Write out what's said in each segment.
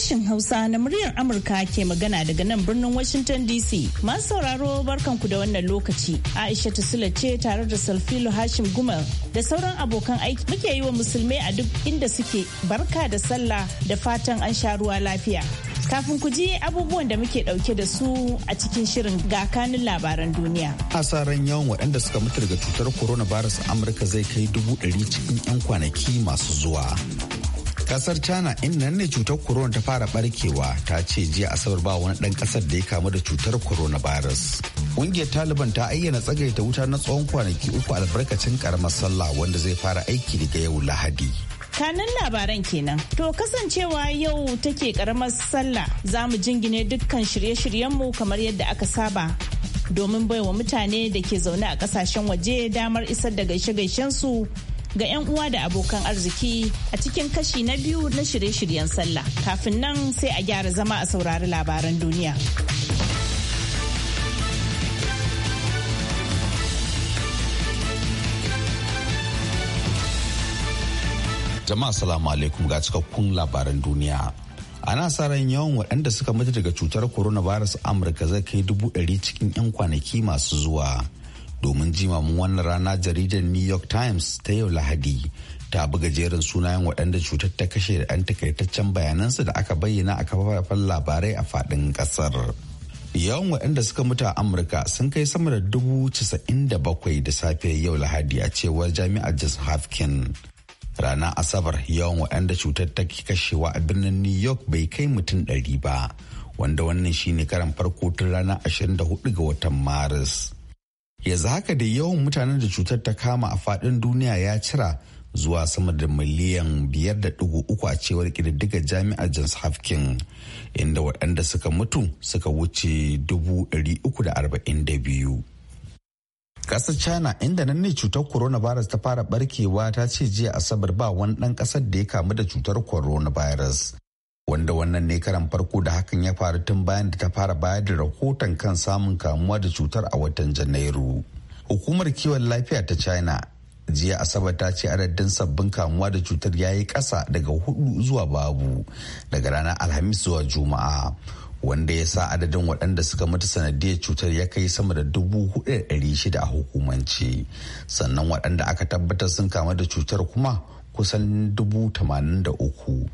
sashen Hausa na muryar Amurka ke magana daga nan birnin Washington DC. Masu sauraro barkanku da wannan lokaci. Aisha Sula ce tare da Salfilu Hashim Gumal da sauran abokan aiki muke yi wa musulmai a duk inda suke barka da sallah da fatan an sha ruwa lafiya. Kafin ku ji abubuwan da muke dauke da su a cikin shirin ga labaran duniya. Asaran yawan waɗanda suka mutu daga cutar coronavirus a Amurka zai kai dubu ɗari cikin 'yan kwanaki masu zuwa. kasar china inda nan ne cutar corona ta fara barkewa ta ce jiya asabar ba wani dan kasar da ya kamu da cutar coronavirus kungiyar taliban ta ayyana tsagaita wuta na tsawon kwanaki uku albarkacin karamar sallah wanda zai fara aiki daga yau lahadi kanan labaran kenan to kasancewa yau take karamar sallah za mu jingine dukkan shirye-shiryenmu kamar yadda aka saba domin baiwa mutane da ke zaune a kasashen waje damar isar da gaishe gaishen su ga 'yan uwa da abokan arziki a cikin kashi na biyu na shirye-shiryen sallah kafin nan sai a gyara zama a saurari labaran duniya. Jama'a salamu alaikum ga cikakkun labaran duniya. Ana sa ran yawan waɗanda suka mutu daga cutar coronavirus Amurka zai kai dubu ɗari cikin 'yan kwanaki masu zuwa. domin jimamin wannan rana jaridar new york times ta yau lahadi ta buga jerin sunayen waɗanda cutar ta kashe da ɗan takaitaccen bayanansu da aka bayyana a kafafen labarai a faɗin ƙasar. yawan waɗanda suka mutu a amurka sun kai sama da dubu casa'in da bakwai da safe yau lahadi a cewar jami'ar johns hafkin. rana asabar yawan waɗanda cutar ta kashewa a birnin new york bai kai mutum ɗari ba wanda wannan shine karan farko tun ranar 24 ga watan maris yanzu haka da yawan mutanen da cutar ta kama a faɗin duniya ya cira zuwa sama da miliyan biyar da uku a cewar kididdiga jami'ar johns hopkins inda waɗanda suka mutu suka wuce dubu uku da arba'in da biyu Ƙasar china inda nan ne cutar coronavirus ta fara barkewa ta ce jiya asabar ba wani ɗan ƙasar da ya kamu da cutar coronavirus wanda wannan ne karan farko da hakan ya faru tun bayan da ta fara bayar da rahoton kan samun kamuwa da cutar a watan janairu hukumar kiwon lafiya ta china jiya asabar ta ce adadin sabbin kamuwa da cutar ya yi kasa daga hudu zuwa babu daga ranar alhamis zuwa juma'a wanda ya sa adadin waɗanda suka mutu sanadiyar cutar ya kai sama da dubu hudu da shida a hukumance sannan waɗanda aka tabbatar sun kamu da cutar kuma kusan dubu tamanin da uku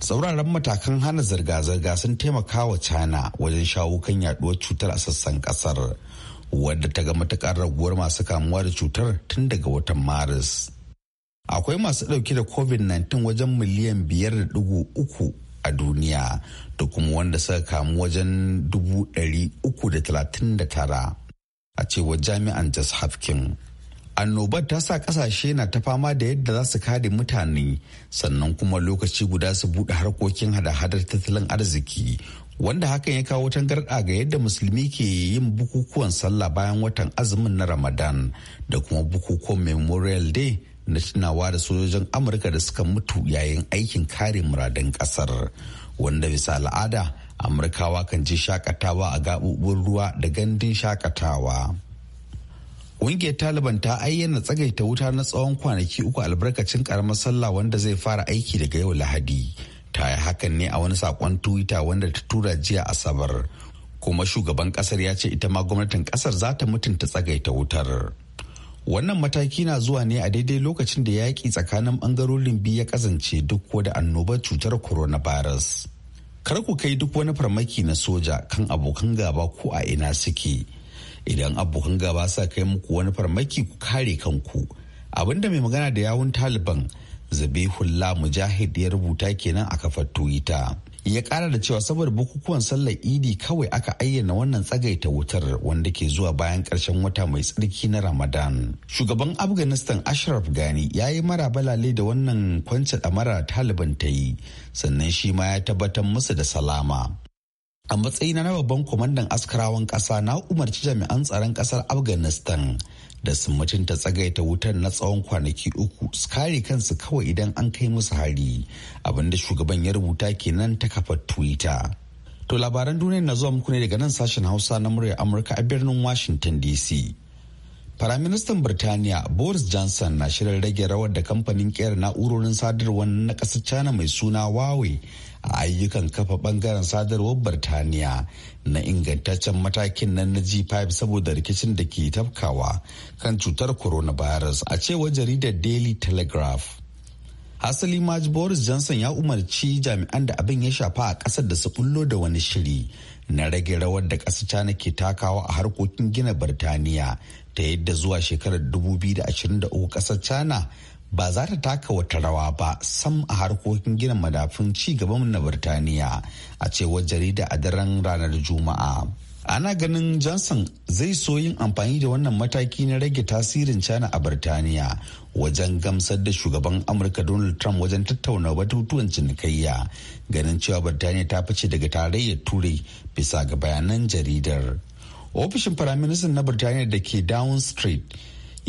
Sauraren matakan hana zirga-zirga sun taimaka wa china wajen shawo kan yaduwar cutar a sassan kasar wadda ta ga matukar raguwar masu kamuwa da cutar tun daga watan maris akwai masu dauke da covid-19 wajen miliyan biyar da dugu uku a duniya da kuma wanda suka kamu wajen dubu ɗari uku da talatin da tara a cewar jami'an jas hafkin annobar ta sa kasashe na ta fama da yadda za su kare mutane sannan kuma lokaci guda su buɗe harkokin hada-hadar tattalin arziki wanda hakan ya kawo tangarɗa ga yadda musulmi ke yin bukukuwan sallah bayan watan azumin na ramadan da kuma bukukuwan memorial day na tunawa da sojojin amurka da suka mutu yayin aikin kare muradun kasar wanda bisa al'ada amurkawa kan je shakatawa a gaɓuɓɓun ruwa da gandun shakatawa. Ƙungiyar Taliban ta ayyana tsagaita wuta na tsawon kwanaki uku albarkacin ƙaramar sallah wanda zai fara aiki daga yau Lahadi. Ta yi hakan ne a wani saƙon tuwita wanda ta tura jiya Asabar. Kuma shugaban ƙasar ya ce ita ma gwamnatin ƙasar za ta mutunta tsagaita wutar. Wannan mataki na zuwa ne a daidai lokacin da yaƙi tsakanin ɓangarorin biyu ya kasance duk da annobar cutar coronavirus. Kar ku kai duk wani farmaki na soja kan abokan gaba ko a ina suke. idan abokan gaba sa kai muku wani farmaki ku kare kanku abinda mai magana da yawun taliban zabihullah mujahid ya rubuta kenan a kafar tuwita ya kara da cewa saboda bukukuwan sallar idi kawai aka ayyana wannan tsagaita wutar wanda ke zuwa bayan karshen wata mai tsarki na ramadan shugaban afghanistan ashraf gani ya yi mara balale da wannan kwanci damara taliban ta yi sannan shi ma ya tabbatar musu da salama a matsayina na babban kwamandan askarawan kasa na umarci jami'an tsaron kasar afghanistan da su mutunta tsagaita wutar na tsawon kwanaki uku su kare kansu kawai idan an kai musu hari abinda shugaban ya rubuta kenan ta kafa twitter to labaran duniyar na zuwa muku ne daga nan sashen hausa na muryar amurka a birnin washington dc Firaministan Birtaniya Boris Johnson na shirin rage rawar da kamfanin kera na'urorin sadarwar na ƙasar China mai suna Huawei a ayyukan kafa bangaren sadarwar Birtaniya na ingantaccen matakin nan na G5 saboda rikicin da ke tafkawa kan cutar coronavirus a cewar jaridar Daily Telegraph. Hasali Maj Boris Johnson ya umarci jami'an da abin ya shafa a ƙasar da su bullo da wani shiri na rage rawar da kasa China ke takawa a harkokin gina Birtaniya ta yadda zuwa shekarar 2023 ƙasar China ba za ta taka wata rawa ba sam a harkokin gina madafun ci gaban na Birtaniya a cewar jarida a daren ranar Juma'a. Ana ganin Johnson zai so yin amfani da wannan mataki na rage tasirin China a Birtaniya wajen gamsar da shugaban Amurka Donald Trump wajen tattauna batutuwan cinikayya ganin cewa Birtaniya ta fice daga tarayyar Turai bisa ga bayanan jaridar. Ofishin Firaministan na Birtaniya da ke Down Street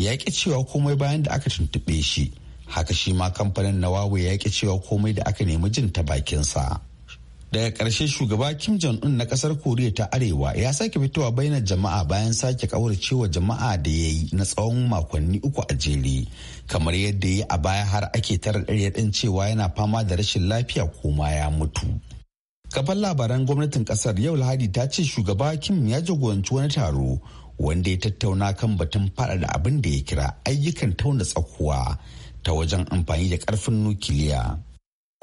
ya ƙi cewa komai bayan da aka tuntuɓe shi haka shi ma kamfanin na huawei ya ƙi cewa komai da aka nemi jin ta bakinsa daga karshe shugaba kim jong un na ƙasar koriya ta arewa ya sake fitowa bayan jama'a bayan sake cewa jama'a da ya yi na tsawon makonni uku a jere kamar yadda ya yi a baya har ake tara ɗarya ɗin cewa yana fama da rashin lafiya ko ya mutu kafan labaran gwamnatin ƙasar yau lahadi ta ce shugaba kim ya jagoranci wani taro wanda ya tattauna kan batun faɗaɗa abin da ya kira ayyukan tauna tsakuwa ta wajen amfani da ƙarfin nukiliya.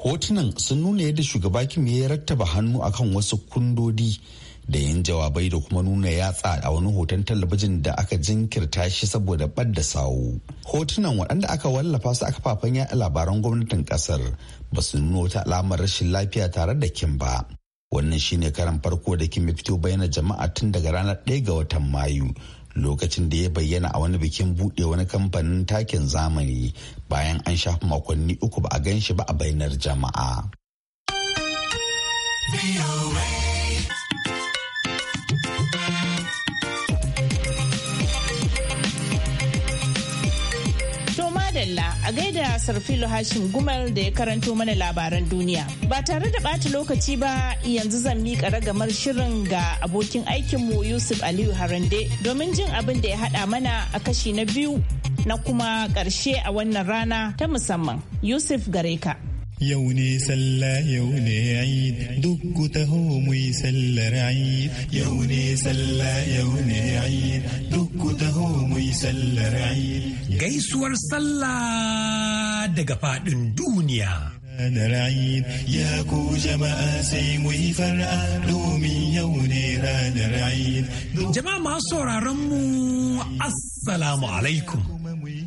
Hotunan sun nuna yadda shugaba Kim ya rattaba hannu akan wasu kundodi da yin jawabai da kuma nuna yatsa a wani hoton talabijin da aka jinkirta shi saboda ɓadda sawu. Hotunan waɗanda aka wallafa su a kafafen yaɗa labaran gwamnatin ƙasar ba su nuna wata alamar rashin lafiya tare da Kim ba. wannan shine karan farko da kim ya fito bayyana jama'a tun daga ranar 1 ga watan mayu lokacin da ya bayyana a wani bikin buɗe wani kamfanin takin zamani bayan an shafi makonni uku ba a gan shi ba a bainar jama'a. a gaida sarfilo hashim gumal da ya karanto mana labaran duniya ba tare da ɓata lokaci ba yanzu zan miƙa ragamar shirin ga abokin aikinmu yusuf aliyu harande domin jin abin da ya haɗa mana a kashi na biyu na kuma ƙarshe a wannan rana ta musamman yusuf gareka يوني سلا يوني عيد دك تهوم يسل رعيد يوني سلا يوني عيد دك تهوم يسل رعيد جيسور سلا دقفا الدنيا أنا رعيد يا كو جماعة سيموي فرقة دومي يوني رانا رعيد جماعة ما صور رمو السلام عليكم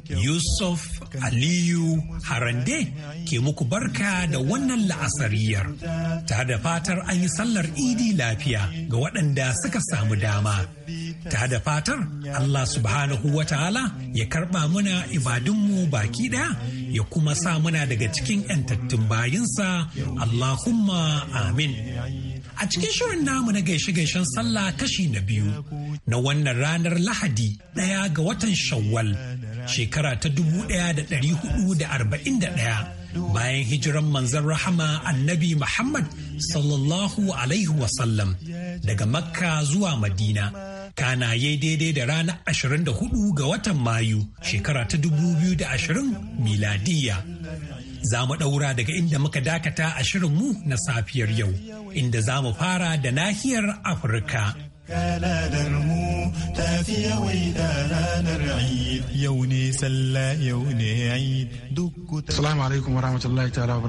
Yusuf Aliyu Harande ke muku barka da wannan la'asariyar. Ta da fatar an yi sallar idi lafiya ga waɗanda suka samu dama. Ta da fatar Allah subhanahu wa ta'ala ya karɓa muna ibadunmu baki ɗaya ya kuma sa muna daga cikin 'yantattun bayinsa Allahumma amin. A cikin shirin namu na gaishe-gaishen sallah kashi na biyu na wannan ranar Lahadi ɗaya ga watan Shawwal shekara ta dubu ɗaya da da ɗari ɗaya, bayan hijiran manzan rahama annabi Muhammad sallallahu alaihi wasallam daga Makka zuwa Madina. kana yi daidai da ranar 24 ga watan Mayu shekara ta 2020 miladiya. za mu ɗaura daga inda muka dakata a mu na safiyar yau inda za mu fara da nahiyar afirka yau ne sallah yau ne salamu alaikum ta'ala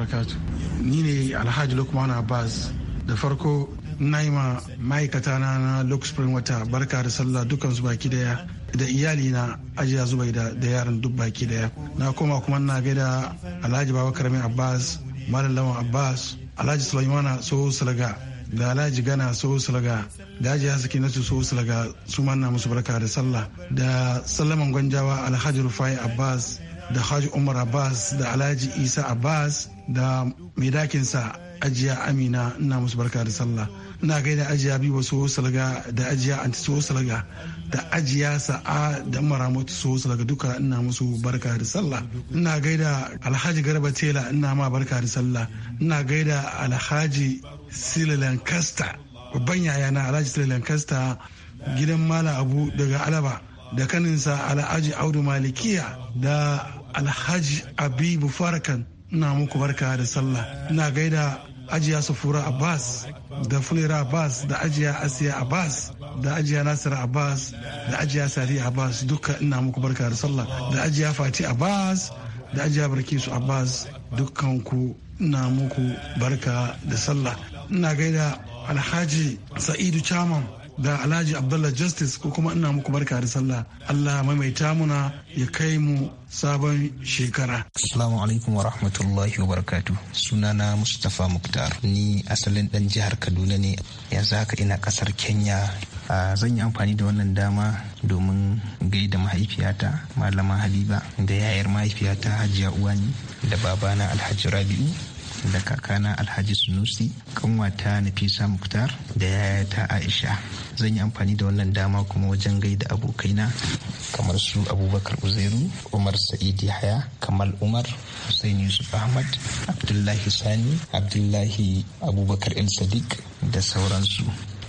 ni ne alhaji lukman abbas da farko na yi ma ma'aikata na na lux spring water barka da sallah dukansu baki daya da iyalina ajiya zubai da yaran duk baki daya na koma kuma na gaida alhaji baba karamin abbas malam abbas alhaji sulaimana so sulaga da alhaji gana so sulaga da aji hasaki nasu so sulaga su na musu barka da sallah da sallaman gwanjawa alhaji rufai abbas da haji umar abbas da alhaji isa abbas da mai dakinsa ajiya amina ina musu barka da sallah na gaida ajiya biba so salga da ajiya anti so salga da ajiya sa'a da maramatu so salga duka ina musu barka da sallah ina gaida alhaji garba tela ina ma barka da sallah ina gaida alhaji sila lancaster babban na alhaji sila lancaster gidan mala abu daga alaba da kaninsa alhaji audu malikiya da alhaji abibu farakan ina muku barka da sallah ina gaida ajiya sufura abbas da fulera abbas da ajiya asiya abbas da ajiya nasir abbas da ajiya sari abbas duka ina muku barka da sallah da ajiya fati abbas da ajiya barkisu abbas dukanku ina muku barka da sallah ina gaida alhaji sa'idu chaman da alhaji abdullah justice ko kuma ina muku barka da sallah allah maimaita muna ya kai mu sabon shekara assalamu alaikum wa rahmatullahi wa barakatu sunana mustapha muktar ni asalin dan jihar kaduna ne yanzu haka ina kasar kenya a zan yi amfani da wannan dama domin gaida mahaifiyata malama habiba da yayar mahaifiyata hajiya uwani da babana alhaji rabi'u da kakana alhaji sunusi kanwata nafisa muktar da yayata aisha zan yi amfani da wannan dama kuma wajen gaida abokaina kamar su abubakar uzairu umar sa'idi haya kamal umar hussein yusuf ahmad abdullahi sani abdullahi abubakar el sadiq da sauransu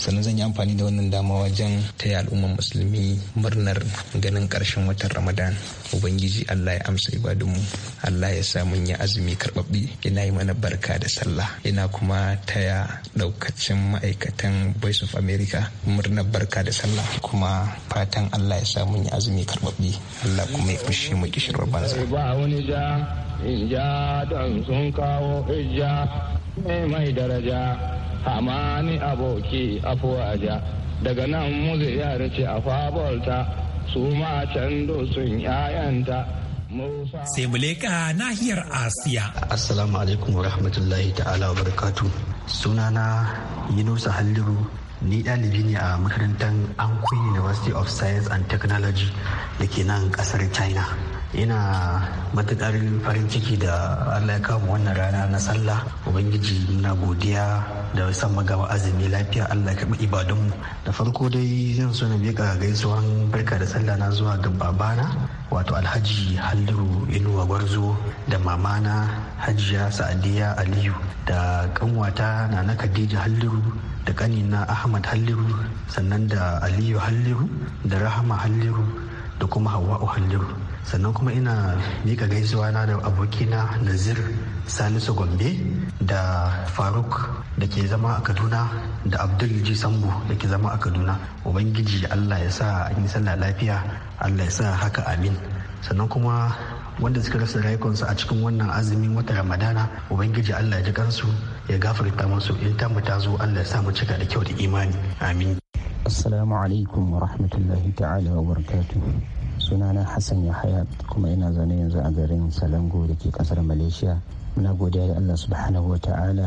sannan zan yi amfani da wannan dama wajen ta yi al'umman musulmi murnar ganin karshen watan ramadan ubangiji allah ya amsa ibadunmu allah ya sa mun yi azumi karɓaɓɓe ina yi mana barka da sallah ina kuma taya ɗaukacin ma'aikatan voice of america murnar barka da sallah kuma fatan allah ya sa mun yi azumi karɓaɓɓe allah kuma ya fushi mu kishirwa banza ja don sun kawo hijja mai daraja amani aboki afuwaja daga nan muzi ya ce a fabolta su ma can sun yayanta sai nahiyar asiya assalamu alaikum wa rahmatullahi ta'ala wa barakatu sunana yunusa halliru ni ɗalibi ne a makarantar an university of science and technology da ke nan ƙasar china ina matuƙar farin ciki da allah ya kama wannan rana na sallah ubangiji na godiya da san magaba azumi lafiya allah ya karɓi ibadunmu da farko dai zan so na miƙa gaisuwan barka da sallah na zuwa ga babana wato alhaji halliru inuwa gwarzo da mamana hajiya sa'adiya aliyu da ƙanwata na na khadija halliru da kanina ahmad halliru sannan da aliyu halliru da rahama halliru da kuma hawa'u halliru sannan kuma ina mika gaisuwa na da abokina nazir salisu gombe da faruk da ke zama a kaduna da abdul ji sambu da ke zama a kaduna ubangiji allah ya sa an yi sallah lafiya allah ya sa haka amin sannan kuma wanda suka rasa rayukansu a cikin wannan azumin wata ramadana ubangiji allah ya ji kansu ya gafarta musu in ta mu ta zo allah ya sa mu cika da kyau da imani amin assalamu alaikum wa rahmatullahi ta'ala wa barakatuh sunana hassan yahaya kuma ina zaune yanzu a garin salango da ke kasar malaysia muna godiya da allah subhanahu wa ta'ala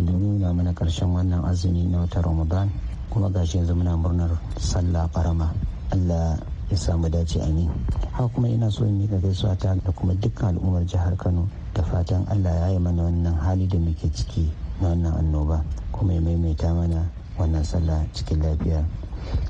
da nuna mana karshen wannan azumi na wata ramadan kuma gashi yanzu muna murnar sallah karama allah ya samu dace amin haka kuma ina so in miƙa gaisuwa ta da kuma dukkan al'ummar jihar kano da fatan allah ya yi mana wannan hali da muke ciki na wannan annoba kuma ya maimaita mana wannan sallah cikin lafiya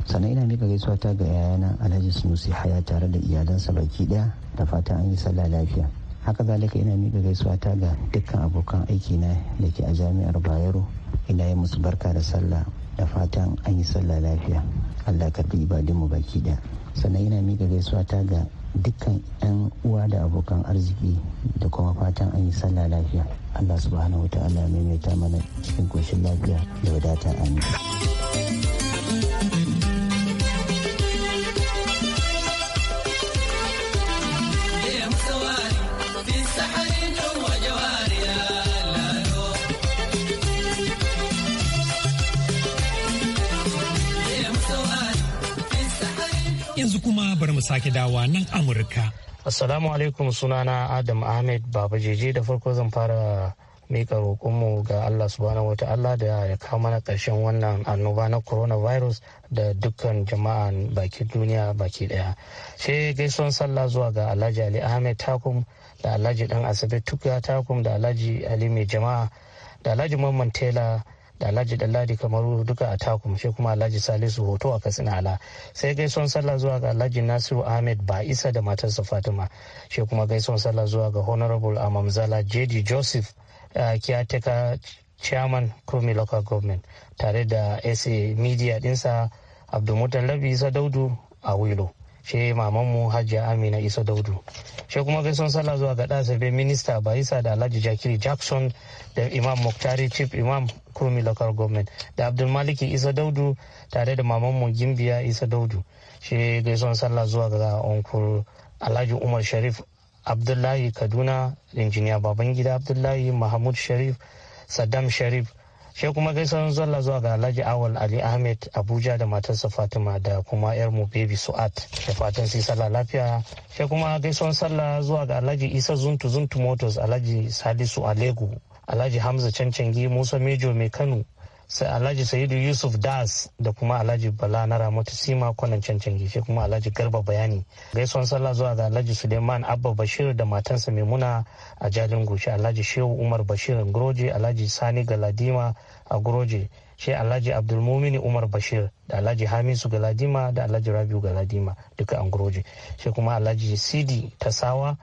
sannan ina mika gaisuwa ta ga yayana alhaji sunusi haya tare da iyalansa baki daya da fata an yi sallah lafiya haka zalika ina mika gaisuwa ta ga dukkan abokan aiki na da ke a jami'ar bayero ina yi musu barka da sallah da fatan an yi sallah lafiya allah karbi ibadunmu baki daya sannan ina mika gaisuwa ta ga dukkan 'yan uwa da abokan arziki da kuma fatan an yi sallah lafiya allah subhanahu wa ta'ala maimaita mana cikin koshin lafiya da wadata amin Yanzu kuma bari mu sake dawa nan Amurka. Assalamu alaikum sunana Adam Ahmed jeje da farko zan fara mika roƙonmu ga Allah subhanahu wata'ala da ya kawo mana ƙarshen wannan annoba na coronavirus da dukkan jama'a baki duniya baki ɗaya. Sai gaisuwan sallah zuwa ga Alhaji Ali Ahmed Takum da Alhaji Dan Asabe Tuga Takum da Alhaji Ali Mai Jama'a da Alhaji Mamman Taylor. da alhaji dalladi kamaru duka a takum sai kuma alhaji salisu hoto a katsina ala sai gaison sallah zuwa ga alhaji nasiru ahmed ba isa da matarsa fatima sai kuma gaison sallah zuwa ga honorable amamzala jd joseph kiyateka chairman kurmi local government tare da sa media dinsa abdulmutallabi sadaudu a wilo she mamanmu hajiya amina isa daudu she kuma son sallah zuwa ga bai minista bayisa da alhaji jakiri jackson da imam muktari chief imam kurmi local government da abdulmaliki isa daudu tare da mamanmu gimbiya isa daudu she son sallah zuwa ga onkul alhaji umar sharif abdullahi kaduna injiniya babangida abdullahi mahmud sharif saddam sharif sai kuma gaisan zalla zuwa ga alhaji awal ali ahmed abuja da matarsa fatima da kuma yarmu mu baby su'at da fatan sai sallah lafiya sai kuma gaisuwar sallah zuwa ga alhaji isa zuntu zuntu motors alhaji salisu alegu alhaji hamza cancangi musa mejo mai kano sai alhaji sayidu yusuf das da kuma alhaji bala na ramatu sima kwanan cancan gefe kuma alhaji garba bayani gaisuwan sallah zuwa ga alhaji suleiman abba bashir da matansa maimuna a jalin gushi alhaji shehu umar bashir groje alhaji sani galadima a groje shi alhaji abdulmumini umar bashir da alhaji hamisu galadima da alhaji rabiu galadima duka an groje shi kuma alhaji sidi tasawa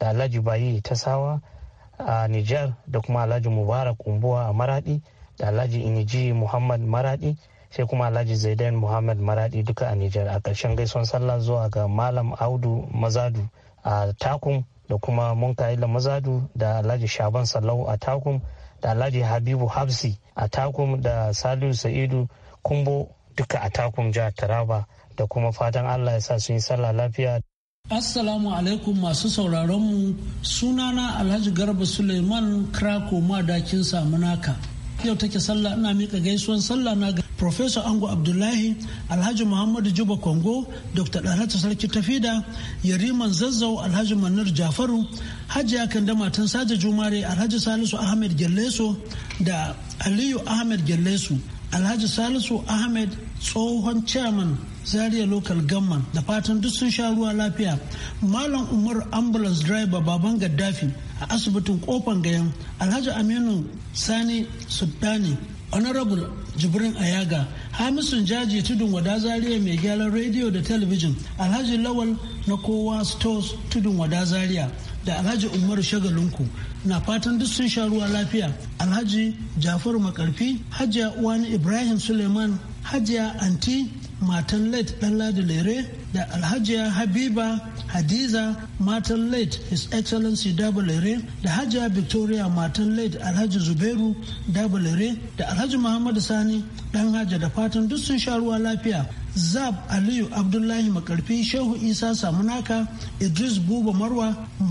da alhaji bayi tasawa a nijar da kuma alhaji mubarak umbuwa a maradi da alhaji inji muhammad maradi sai kuma alhaji zaidan muhammad maradi duka a nijar a ƙarshen gaison sallah zuwa ga malam audu mazadu a takum da kuma munkayila mazadu da alhaji shaban sallau a takun da alhaji habibu habsi a takum da salihu sa'idu kumbo duka a takun jihar taraba da kuma fatan allah ya sa su yi sallah lafiya Assalamu alaikum masu sauraron mu sunana Alhaji Garba Suleiman Krako madakin Samunaka yau take sallah ina mika gaisuwan sallah na ga Professor Ango Abdullahi, Alhaji Muhammadu Juba Kongo, Dr. Dalata Sarki Tafida, Yariman Zazzau Alhaji Manar Jafaru, Hajiya Kande matan Saja Jumare, Alhaji Salisu Ahmed Gelleso da Aliyu Ahmed Gelleso. alhaji salisu ahmed tsohon chairman Zariya local gamman da fatan duk sun sha ruwa lafiya malam umar ambulance driver baban gaddafi a asibitin kofan gayan alhaji aminu sani sudani honorable jibrin ayaga hamisun jaji tudun wada Zariya mai gyaran rediyo da talabijin alhaji lawal na kowa stores tudun wada Zariya. da alhaji umaru shagalinku na fatan duk sun sha ruwa lafiya alhaji jafaru makarfi hajiya uwani ibrahim suleiman hajiya anti matan late ɗanladi lere da alhajiya habiba hadiza matan late his excellency Lere. da hajiya victoria matan late alhaji zubairu Lere. da alhaji muhammadu sani ɗan haja da fatan duk sun sha ruwa lafiya zab aliyu abdullahi makarfi shehu isa samunaka idris buba marwa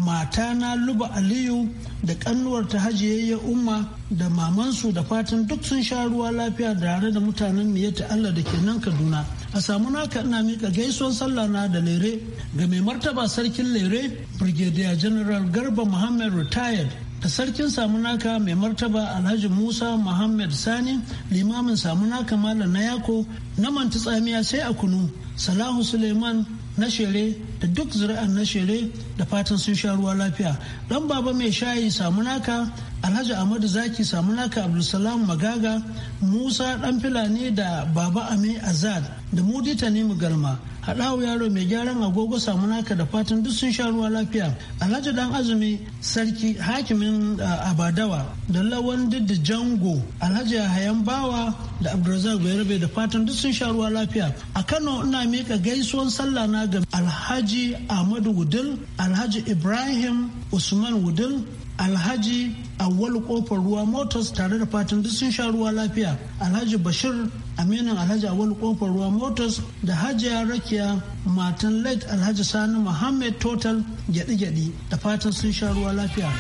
matana luba aliyu da kannuwarta hajiyayya umma da mamansu da fatan duk sun sha ruwa lafiya da tare da mutanen miyatta allah da ke nan kaduna a samu naka ina mika gaisuwar sallah na da lere ga mai martaba sarkin lere brigadier general garba muhammad retired Da sarkin samunaka mai martaba alhaji musa muhammad sani limamin samunaka malam na yako na manta tsamiya sai a kunu salahu suleiman na shere da duk zuri'an na shere da fatan sun sha ruwa lafiya dan baba mai shayi samunaka alhaji ahmadu zaki samunaka abdulsalam magaga musa dan fulani da baba ame azad da mudita ne galma haɗawu yaro mai gyaran agogo samu naka da fatan duk sun sha ruwa lafiya alhaji dan azumi sarki hakimin abadawa da lawan jango alhaji hayan bawa da abdulrazak bayarbe da fatan duk sun sha ruwa lafiya a kano ina mika gaisuwan sallah na ga alhaji ahmadu wudil alhaji ibrahim usman wudil alhaji awwal kofar ruwa motors tare da fatan duk sun sha ruwa lafiya alhaji bashir aminin alhaji awwal kofar ruwa motors da hajiya rakiya matan late alhaji sani muhammad total gyaɗi-gyaɗi da fatan sun sha ruwa lafiya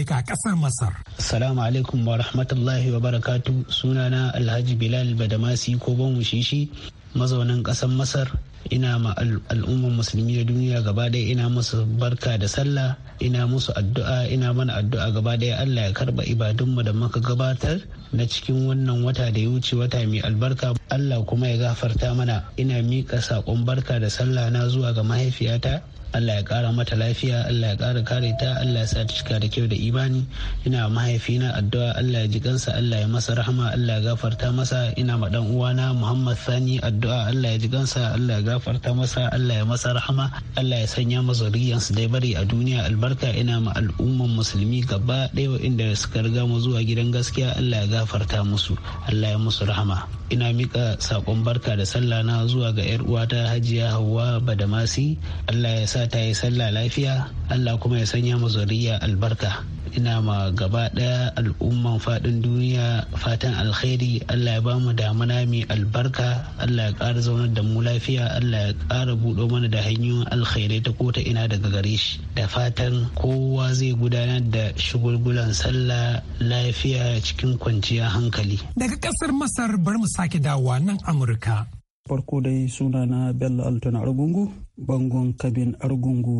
Amerika a ƙasar Masar. Assalamu alaikum wa rahmatullahi wa barakatu sunana Alhaji Bilal Badamasi ko ban shishi mazaunin ƙasar Masar ina ma al'ummar musulmi da duniya gaba ɗaya ina musu barka da sallah ina musu addu'a ina mana addu'a gaba ɗaya Allah ya karba ibadunmu da muka gabatar na cikin wannan wata da ya wuce wata mai albarka Allah kuma ya gafarta mana ina miƙa saƙon barka da sallah na zuwa ga mahaifiyata Allah ya kara mata lafiya Allah ya kara kare ta Allah ya sa ta cika da kyau da imani ina mahaifina addu'a Allah ya ji kansa Allah ya masa rahama Allah ya gafarta masa ina ma dan uwana Muhammad Sani addu'a Allah ya ji kansa Allah ya gafarta masa Allah ya masa rahama Allah ya sanya masa su dai bari a duniya albarka ina ma al'umman musulmi gaba ɗaya inda suka riga mu zuwa gidan gaskiya Allah ya gafarta musu Allah ya musu rahama ina mika sakon barka da sallah na zuwa ga yar uwata Hajiya Hauwa Badamasi Allah ya sa sa ta yi sallah lafiya allah kuma ya sanya mu zuriya albarka ina ma gaba ɗaya al'umman faɗin duniya fatan alkhairi allah ya bamu damuna mai albarka allah ya kara zaunar da mu lafiya allah ya ƙara buɗo mana da hanyoyin alkhairai ta kota ina daga gare shi da fatan kowa zai gudanar da shugulgulan sallah lafiya cikin kwanciyar hankali daga ƙasar masar bar mu sake dawowa nan amurka farko dai suna na bello alton argungu bangon kabin argungu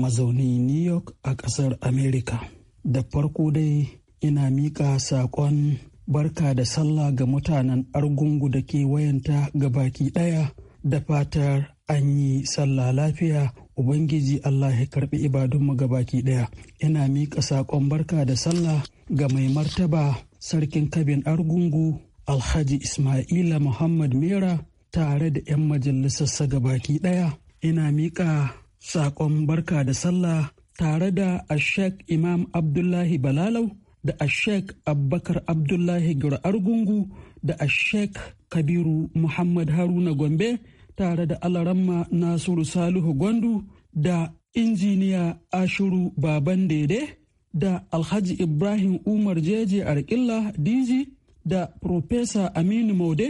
mazauni new york a ƙasar america da farko dai ina miƙa saƙon barka da sallah ga mutanen argungu da ke wayanta ga baki ɗaya da fatar an yi sallah lafiya ubangiji allah ya karbi ibadunmu ga baki ɗaya ina miƙa saƙon barka da sallah ga mai martaba sarkin kabin argungu alhaji ismaila muhammad mera tare da 'yan majalisarsa gabaki ɗaya ina miƙa saƙon barka da sallah tare da ashek imam abdullahi balalau da ashek abbakar abdullahi argungu da ashek kabiru muhammad haruna gombe tare da alaramma nasiru salihu gwandu da injiniya ashiru baban dede da alhaji ibrahim umar jeje arkilla dg da profesa aminu maude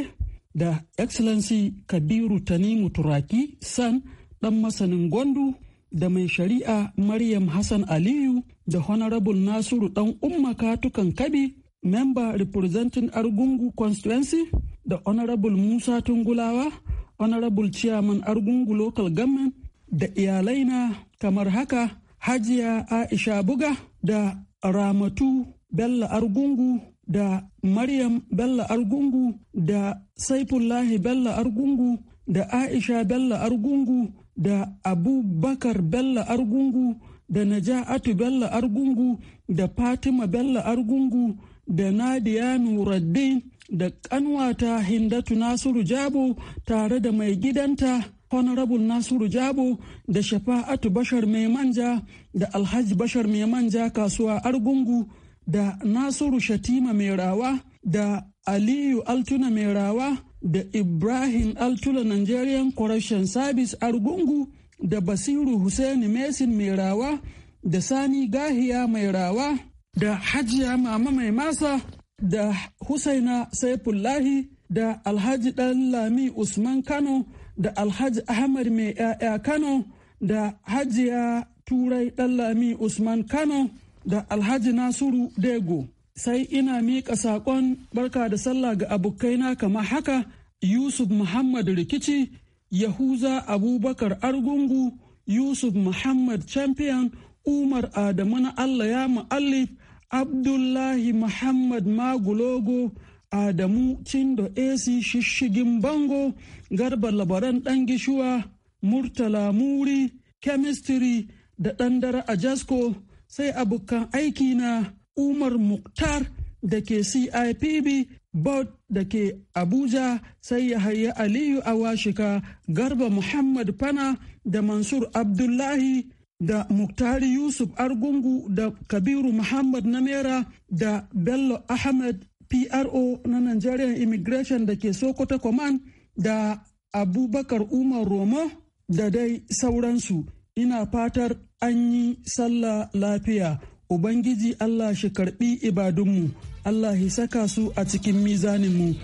da excellency kabiru tanimu turaki san dan masanin gwandu da mai shari'a maryam hassan aliyu da honorable nasiru Ɗan umma katukan kabi member representing argungu constituency da honorable musa tungulawa honorable chairman argungu local government da iyalaina kamar haka hajiya aisha buga da ramatu bello argungu da Maryam Bello Argungu da Saifullahi Bello Argungu da Aisha Bello Argungu da Abubakar Bello Argungu da Naja'atu Bello Argungu da Fatima Bello Argungu da Nadiya Nuruddin da kanwata Hindatu Nasiru Jabo tare da mai gidanta Honorable Nasiru Jabo da Shafa'atu Bashar Mai Manja da Alhaji Bashar Mai Manja kasuwa Argungu. da Nasiru Shatima mai rawa da Aliyu Altuna mai rawa da Ibrahim Altuna Nigerian Corruption Service Argungu da Basiru Hussaini Mesin mai rawa da Sani Gahiya mai rawa da Hajiya Mama mai masa da Husaina Saifullahi da Alhaji Ɗanlami Usman Kano da Alhaji Ahmad mai 'ya'ya Kano da Hajiya Turai lami Usman Kano da Alhaji nasuru Dego. Sai ina miƙa saƙon barka da sallah ga abokaina kamar haka Yusuf Muhammad Rikici, Yahuza Abubakar Argungu, Yusuf Muhammad Champion, Umar Adamu na Allah ya mu'allif, Abdullahi Muhammad Magulogo, Adamu Cindo AC Shishigin Bango, Garba Labaran Ɗan Gishuwa, Murtala Muri, Chemistry da a jasco sai abokan aiki na Umar Muktar da ke CIPB Bod da ke Abuja sai ya Yahaya Aliyu Awashika Garba Muhammad Fana da Mansur Abdullahi da Muktari Yusuf Argungu da Kabiru Muhammad Namera da Bello Ahmed PRO na Nigerian Immigration da ke Sokoto Command da Abubakar Umar Romo da dai sauransu. Ina fatar an yi sallah lafiya ubangiji allah shi karbi ibadunmu allah ya saka su a cikin mizaninmu. mu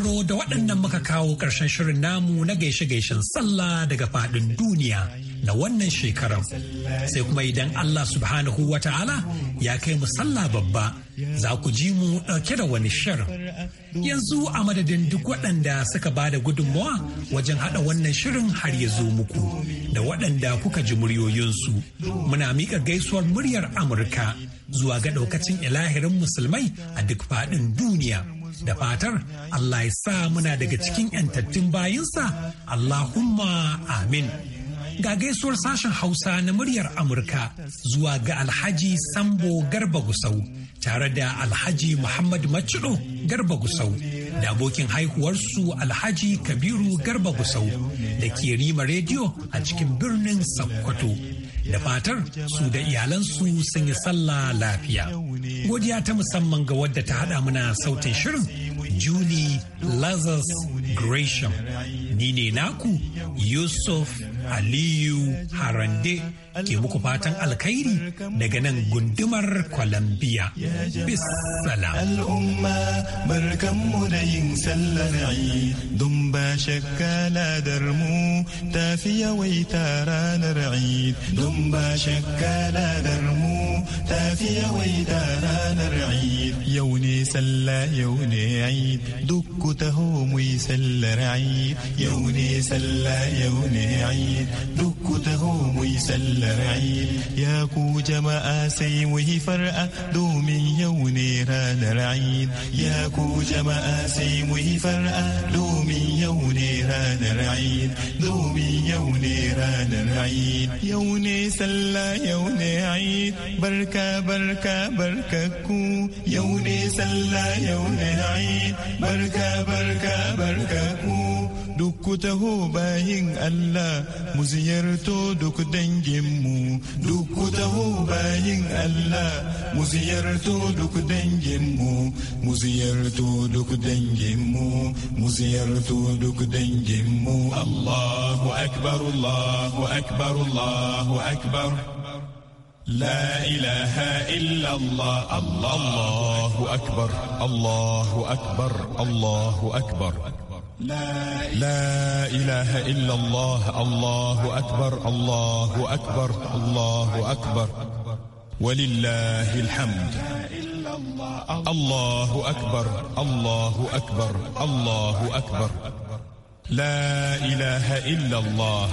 sauraro da waɗannan muka kawo ƙarshen shirin namu na gaishe-gaishen sallah daga faɗin duniya na wannan shekarar. Sai kuma idan Allah subhanahu wa ta'ala ya kai mu sallah babba za ku ji mu ɗauke da wani shirin. Yanzu a madadin duk waɗanda suka ba da gudunmawa wajen haɗa wannan shirin har ya zo muku da waɗanda kuka ji muryoyinsu. Muna miƙa gaisuwar muryar Amurka zuwa ga ɗaukacin ilahirin musulmai a duk faɗin duniya. da fatar Allah ya sa muna daga cikin yantattun bayinsa Allahumma amin. Ga gaisuwar sashen Hausa na muryar Amurka zuwa ga Alhaji Sambo Garba Gusau tare da Alhaji Muhammad Macido Garba Gusau da abokin haihuwarsu Alhaji Kabiru Garba Gusau da ke rima rediyo a cikin birnin Sokoto. da fatar su da iyalansu sun yi sallah lafiya. Godiya ta musamman ga wadda ta haɗa mana sautin shirin Julie Lazarus Gresham. Ni ne naku Yusuf Aliyu Harande ke muku fatan alkhairi daga nan gundumar Columbia. Bis salam. Al'umma barkanmu da yin sallar don ba shakka ladar mu tafi yawaita ranar Eid don ba shakka ladar mu tafi yawaita ranar Eid yau ne sallah yau ne Eid duk ku taho mu yi sallar Eid yau ne sallah yau ne Eid duk taho mu yi sallar Eid ya ku jama'a sai mu yi far'a domin yau ne ranar Eid ya ku jama'a sai mu yi far'a domin yau ne ranar Eid domin yau ne ranar Eid yau ne sallah yau ne Eid barka barka barka ku yau ne sallah yau ne Eid barka barka barka ku duk ku taho bayin Allah mu ziyarto duk danginmu duk ku taho bayin Allah mu ziyarto duk danginmu mu ziyarto duk danginmu mu ziyarto duk danginmu Allahu akbar Allahu akbar Allahu akbar لا إله إلا الله الله أكبر الله أكبر الله أكبر, الله أكبر لا, إله إلا الله الله أكبر الله أكبر الله أكبر ولله الحمد الله أكبر الله أكبر الله أكبر لا إله إلا الله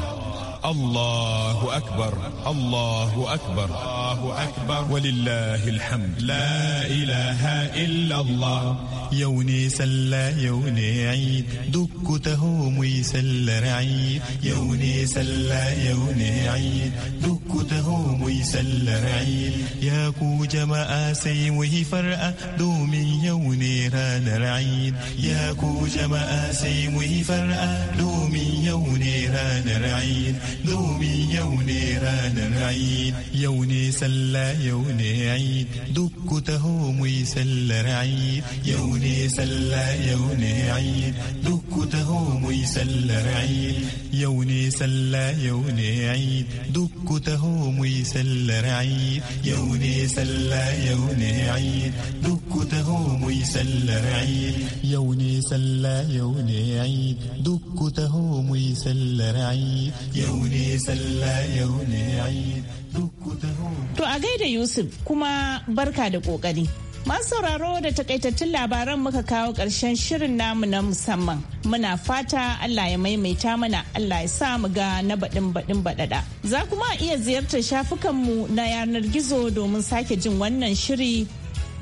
الله أكبر الله أكبر الله أكبر ولله الحمد لا إله إلا الله يوني سلا يوني عيد دك تهومي سلا عيد يوني سلا يوني عيد دك كتهوم يسل رعيل يا كوجا ما آسي وهي فرأة دومي يوني ران رعيل يا كوجا ما آسي وهي فرأة دومي يوني ران رعيل دومي يوني ران رعيل يوني سلا يوني عيد دك تهوم يسل رعيل يوني سلا يوني عيد دك تهوم يسل رعيل يوني سلا يوني عيد دك taho mu yi sallar aid yau ne sallah yau ne aid duk ku taho mu yi sallar aid yau ne sallah yau ne aid duk ku taho mu yi sallar aid yau ne sallah yau ne aid duk ku taho To a gaida Yusuf kuma barka da kokari. Masu sauraro da takaitattun labaran muka kawo ƙarshen shirin namu na musamman. Muna fata Allah ya maimaita mana Allah ya sa mu ga na baɗin baɗin baɗaɗa. Za kuma iya ziyartar shafukanmu na yanar gizo domin sake jin wannan shiri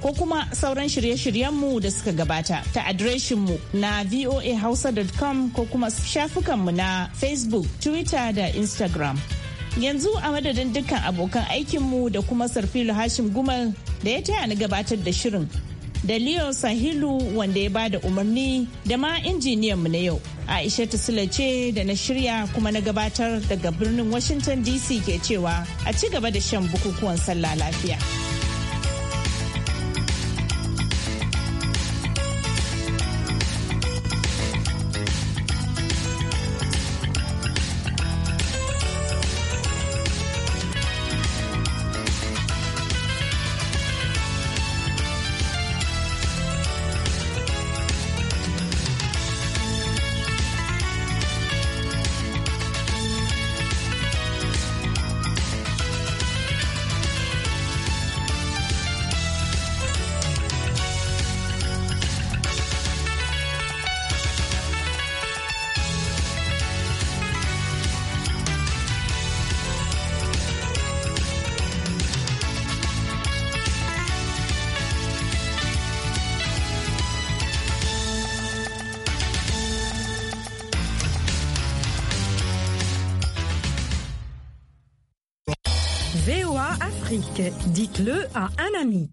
ko kuma sauran shirye-shiryenmu da suka gabata ta adireshinmu na voahausa.com ko kuma shafukanmu na Facebook, Twitter da Instagram. yanzu a madadin dukkan abokan aikinmu da kuma sarfilu hashim gumal da ya taya ni gabatar da shirin da leo sahilu wanda ya bada umarni da ma injiniyan mu na yau aisha sule ce da na shirya kuma na gabatar daga birnin washington dc ke cewa a ci gaba da shan bukukuwan sallah lafiya. dites-le à un ami.